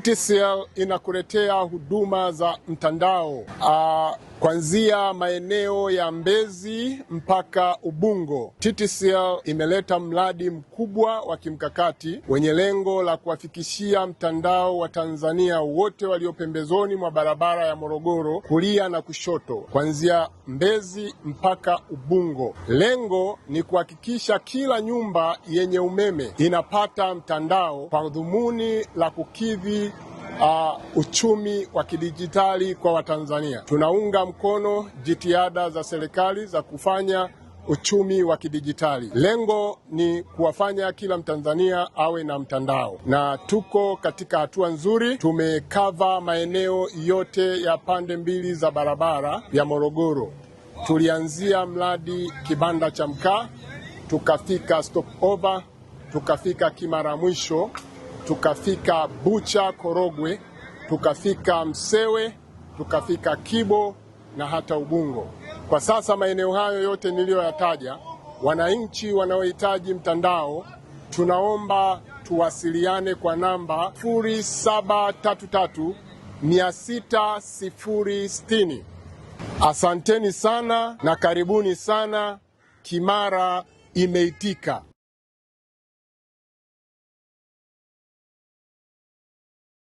TTCL inakuletea huduma za mtandao. Uh, kuanzia maeneo ya Mbezi mpaka Ubungo. TTCL imeleta mradi mkubwa wa kimkakati wenye lengo la kuwafikishia mtandao wa Tanzania wote walio pembezoni mwa barabara ya Morogoro kulia na kushoto, kuanzia Mbezi mpaka Ubungo. Lengo ni kuhakikisha kila nyumba yenye umeme inapata mtandao kwa dhumuni la kukidhi uh, uchumi wa kidijitali kwa Watanzania. Tunaunga mkono jitihada za serikali za kufanya uchumi wa kidijitali. Lengo ni kuwafanya kila Mtanzania awe na mtandao, na tuko katika hatua nzuri. Tumekava maeneo yote ya pande mbili za barabara ya Morogoro. Tulianzia mradi kibanda cha mkaa, tukafika stop over, tukafika Kimara mwisho tukafika Bucha Korogwe, tukafika Msewe, tukafika Kibo na hata Ubungo. Kwa sasa maeneo hayo yote niliyoyataja, wananchi wanaohitaji mtandao tunaomba tuwasiliane kwa namba 0733 Asanteni sana na karibuni sana. Kimara imeitika.